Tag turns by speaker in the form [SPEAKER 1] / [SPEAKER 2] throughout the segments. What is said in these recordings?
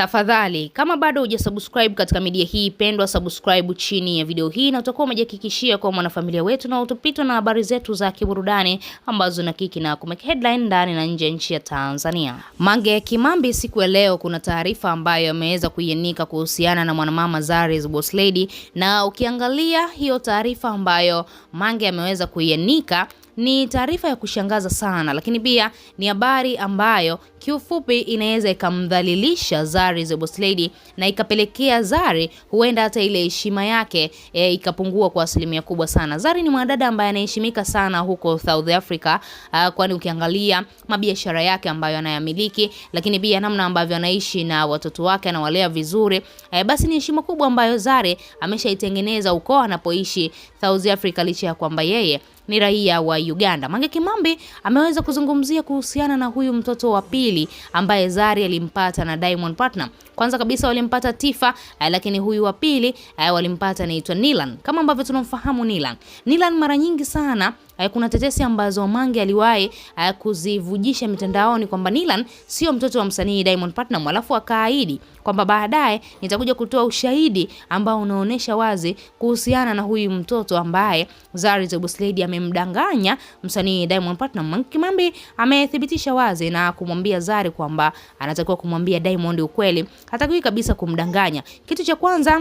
[SPEAKER 1] Tafadhali kama bado hujasubscribe katika media hii pendwa, subscribe chini ya video hii, na utakuwa umejihakikishia kwa mwanafamilia wetu na utupitwa na habari zetu za kiburudani ambazo na kiki na kumeka headline ndani na nje ya nchi ya Tanzania. Mange Kimambi, siku ya leo kuna taarifa ambayo ameweza kuienika kuhusiana na mwanamama Zaris Boss Lady, na ukiangalia hiyo taarifa ambayo Mange ameweza kuienika ni taarifa ya kushangaza sana, lakini pia ni habari ambayo kiufupi inaweza ikamdhalilisha Zari the Boss Lady na ikapelekea Zari huenda hata ile heshima yake e, ikapungua kwa asilimia kubwa sana. Zari ni mwanadada ambaye anaheshimika sana huko South Africa, kwani ukiangalia mabiashara yake ambayo anayamiliki, lakini pia namna ambavyo anaishi na watoto wake anawalea vizuri e, basi ni heshima kubwa ambayo Zari ameshaitengeneza uko anapoishi South Africa, licha ya kwamba yeye ni raia wa Uganda. Mange Kimambi ameweza kuzungumzia kuhusiana na huyu mtoto wa pili ambaye Zari alimpata na Diamond Platnum. Kwanza kabisa walimpata Tifa, eh, lakini huyu wa pili eh, walimpata anaitwa Nilan. Kama ambavyo tunamfahamu Nilan. Nilan mara nyingi sana eh, kuna tetesi ambazo Mange aliwahi kuzivujisha mitandaoni kwamba Nilan sio mtoto wa msanii Diamond Platnumz, alafu akaahidi kwamba baadaye nitakuja kutoa ushahidi ambao unaonesha wazi kuhusiana na huyu mtoto ambaye Zari the Boss Lady ame amemdanganya msanii Diamond Monkey Mambi amethibitisha wazi na kumwambia Zari kwamba anatakiwa kumwambia Diamond ukweli, hatakiwi kabisa kumdanganya. Kitu cha kwanza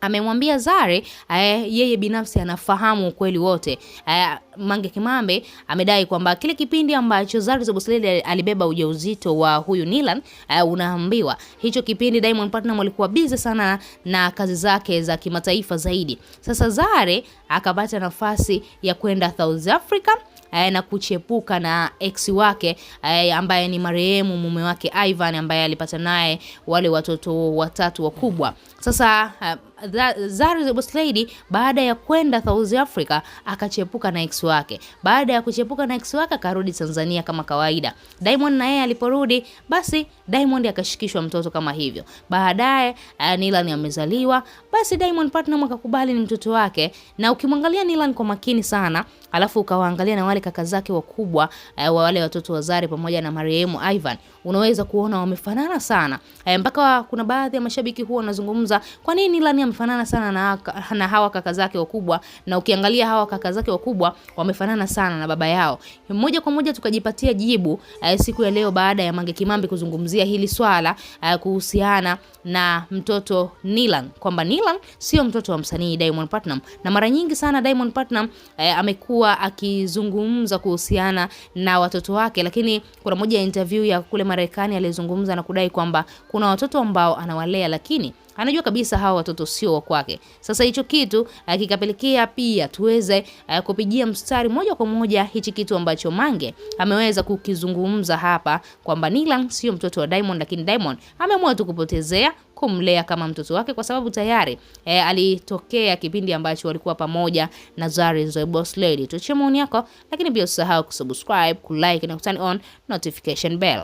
[SPEAKER 1] amemwambia Zari eh, yeye binafsi anafahamu ukweli wote. Eh, Mange Kimambe amedai kwamba kile kipindi ambacho Zari Zobusele alibeba ujauzito wa huyu Nilan, eh, unaambiwa hicho kipindi Diamond Platnumz alikuwa busy sana na kazi zake za kimataifa zaidi. Sasa Zari akapata nafasi ya kwenda South Africa eh, na kuchepuka na ex wake eh, ambaye ni marehemu mume wake Ivan ambaye alipata naye wale watoto watatu wakubwa. Sasa eh, Zari Lady baada ya kwenda South Africa akachepuka na ex wake. Baada ya kuchepuka na ex wake akarudi Tanzania kama kawaida. Diamond na yeye aliporudi, basi Diamond akashikishwa mtoto kama hivyo. Baadaye eh, Nilan amezaliwa, basi Diamond partner akakubali ni mtoto wake, na ukimwangalia Nilan kwa makini sana, alafu ukawaangalia na wale kaka zake wakubwa eh, wa wale watoto wa Zari pamoja na marehemu Ivan, unaweza kuona wamefanana sana eh, mpaka kuna baadhi ya mashabiki huwa wanazungumza kwa nini Nilan amefanana sana na, na hawa kaka zake wakubwa, na ukiangalia hawa kaka zake wakubwa wamefanana sana na baba yao. Moja kwa moja tukajipatia jibu eh, siku ya leo baada ya Mange Kimambi kuzungumzia hili swala eh, kuhusiana na mtoto Nilan kwamba Nilan sio mtoto wa msanii Diamond Platinum, na mara nyingi sana Diamond Platinum eh, amekuwa akizungumza kuhusiana na watoto wake, lakini kuna moja ya interview ya kule Marekani alizungumza na kudai kwamba kuna watoto ambao anawalea lakini anajua kabisa hawa watoto sio wa kwake. Sasa hicho kitu eh, kikapelekea pia tuweze eh, kupigia mstari moja kwa moja hichi kitu ambacho Mange ameweza kukizungumza hapa kwamba Nilan sio mtoto wa Diamond, lakini Diamond ameamua tu kupotezea kumlea kama mtoto wake kwa sababu tayari e, alitokea kipindi ambacho walikuwa pamoja na Zari Zoe Boss Lady. Tuachie maoni yako, lakini pia usisahau kusubscribe, kulike na kutani on notification bell.